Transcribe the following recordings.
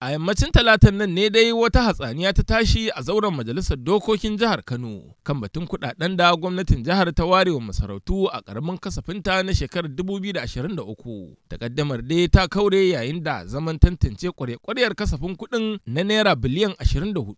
A yammacin talatan nan ne dai wata hatsaniya ta tashi a zauren majalisar dokokin jihar Kano kan batun kudaden da gwamnatin jihar ta ware wa masarautu a karamin kasafinta na shekarar 2023. Takaddamar dai ta kaure yayin da zaman tantance kware kasafin kudin na naira biliyan 24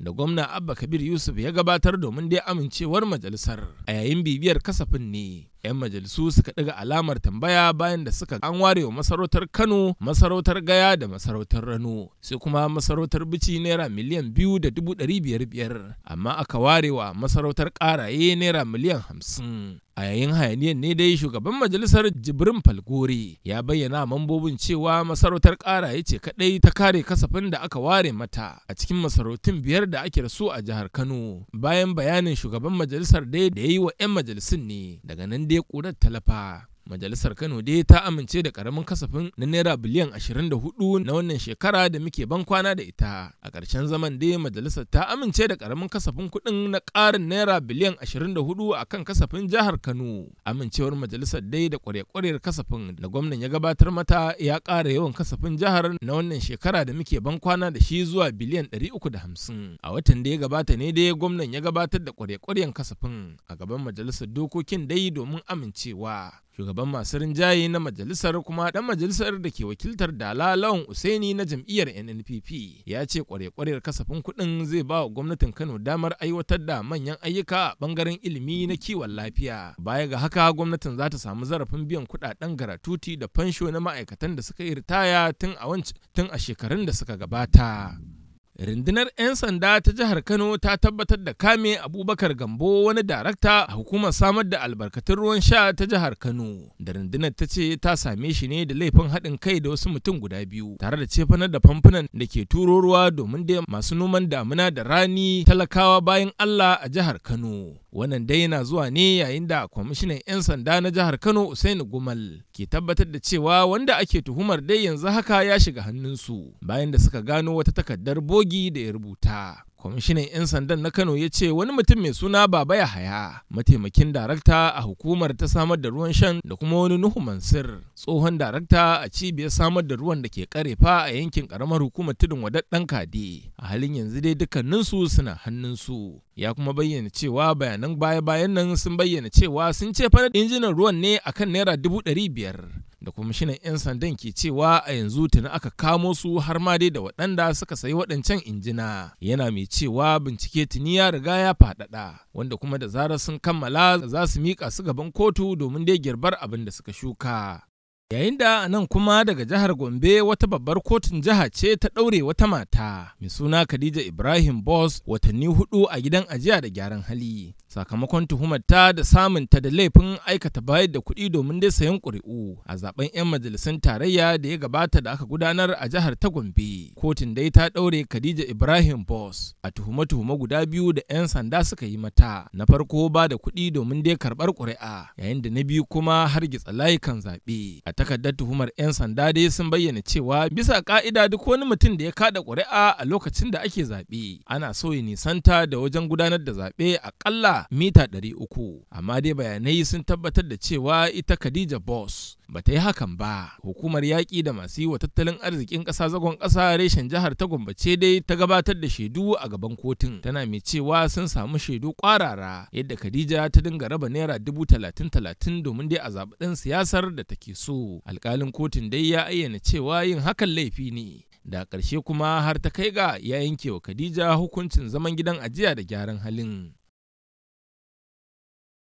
da gwamna Abba Kabir Yusuf ya gabatar domin dai amincewar majalisar a yayin bibiyar kasafin ne. 'yan majalisu suka ɗaga alamar tambaya bayan da suka an ware wa masarautar kano masarautar gaya da masarautar rano sai kuma masarautar bici naira miliyan biyu da dubu ɗari biyar biyar amma aka ware wa masarautar ƙaraye naira miliyan hamsin a yayin hayaniyar ne dai shugaban majalisar jibrin falgore ya bayyana mambobin cewa masarautar ya ce kadai ta kare kasafin da aka ware mata a cikin masarautun biyar da ake rasu a jihar kano bayan bayanin shugaban majalisar dai da ya yi wa 'yan majalisun ne daga nan dai ƙurar talafa Majalisar Kano dai ta amince da karamin kasafin na Naira biliyan 24 na wannan shekara da muke ban kwana da ita. A ƙarshen zaman dai majalisar ta amince da karamin kasafin kuɗin na ƙarin Naira biliyan 24 a kan kasafin jihar Kano. Amincewar majalisar dai da ƙwarya-ƙwaryar kasafin da gwamnan ya gabatar mata ya ƙara yawan kasafin jihar na wannan shekara da muke ban kwana da shi zuwa biliyan 350. A watan da ya gabata ne dai gwamnan ya gabatar da ƙwarya-ƙwaryan kasafin a gaban majalisar dokokin dai domin amincewa. shugaban masu rinjaye na majalisar kuma dan majalisar da ke wakiltar dala lawan usaini na jam'iyyar nnpp ya ce kware-kwaryar kasafin kuɗin zai ba wa gwamnatin kano damar aiwatar da manyan ayyuka a bangaren ilimi na kiwon lafiya baya ga haka gwamnatin za ta samu zarafin biyan kuɗaɗen garatuti da fansho na ma'aikatan da suka yi ritaya tun a shekarun da suka gabata rundunar 'yan sanda ta jihar kano ta tabbatar da kame abubakar gambo wani darakta a hukumar samar da albarkatun ruwan sha ta jihar kano da rundunar ta ce ta same shi ne da laifin haɗin kai da wasu mutum guda biyu tare da cefanar da famfunan da ke turo ruwa domin da masu noman damuna da rani talakawa bayan allah a jihar kano wannan dai yana zuwa ne yayin da kwamishinan 'yan sanda na jihar kano usain gumal ke tabbatar da cewa wanda ake tuhumar dai yanzu haka ya shiga hannunsu bayan da suka gano wata takardar bogi da ya rubuta kwamishinan 'yan sandan na kano ya ce wani mutum mai suna baba yahaya mataimakin darakta a hukumar ta samar da ruwan shan da kuma wani nuhu mansur tsohon darakta a cibiyar samar da ruwan da ke karefa a yankin karamar hukumar tudun wadaddan kade a halin yanzu dai dukkaninsu suna hannunsu ya kuma bayyana cewa bayanan baya-bayan nan sun bayyana cewa sun ce fanar injinan ruwan ne akan naira dubu ɗari biyar da kuma kwamishinan 'yan sandan ke cewa a yanzu tuni aka kamo su har ma dai da waɗanda suka sayi waɗancan injina yana mai cewa bincike tuni ya riga ya faɗaɗa wanda kuma da zarar sun kammala za su miƙa su gaban kotu domin dai girbar abin da suka shuka Yayin da a nan kuma daga jihar Gombe wata babbar kotun jiha ce ta ɗaure wata mata mai suna Khadija Ibrahim Bos watanni hudu a gidan ajiya da gyaran hali sakamakon tuhumarta da samun ta da laifin aikata bayar da kuɗi domin dai sayan ƙuri'u a zaben 'yan majalisun tarayya da ya gabata da aka gudanar a jihar ta Gombe. Kotun dai ta ɗaure Khadija Ibrahim Bos. a tuhuma-tuhuma guda biyu da 'yan sanda suka yi mata na farko ba da kuɗi domin dai karɓar ƙuri'a yayin da na biyu kuma hargitsa layukan zaɓe. takardar tuhumar 'yan sanda dai sun bayyana cewa bisa ka'ida duk wani mutum da ya kada ƙuri'a a lokacin da ake zaɓe ana so ya nisanta da wajen gudanar da zaɓe aƙalla mita 300 amma dai bayanai sun tabbatar da cewa ita Khadija Boss ba ta yi hakan ba hukumar yaƙi da masu yi wa tattalin arzikin ƙasa zagon ƙasa reshen jihar ta gwambace dai ta gabatar da shaidu a gaban kotun tana mai cewa sun samu shaidu kwarara. yadda khadija ta dinga raba naira dubu talatin talatin domin dai a zaɓi ɗan siyasar da take so alƙalin kotun dai ya ayyana cewa yin hakan laifi ne da ƙarshe kuma har ta kai ga ya yanke wa khadija hukuncin zaman gidan ajiya da gyaran halin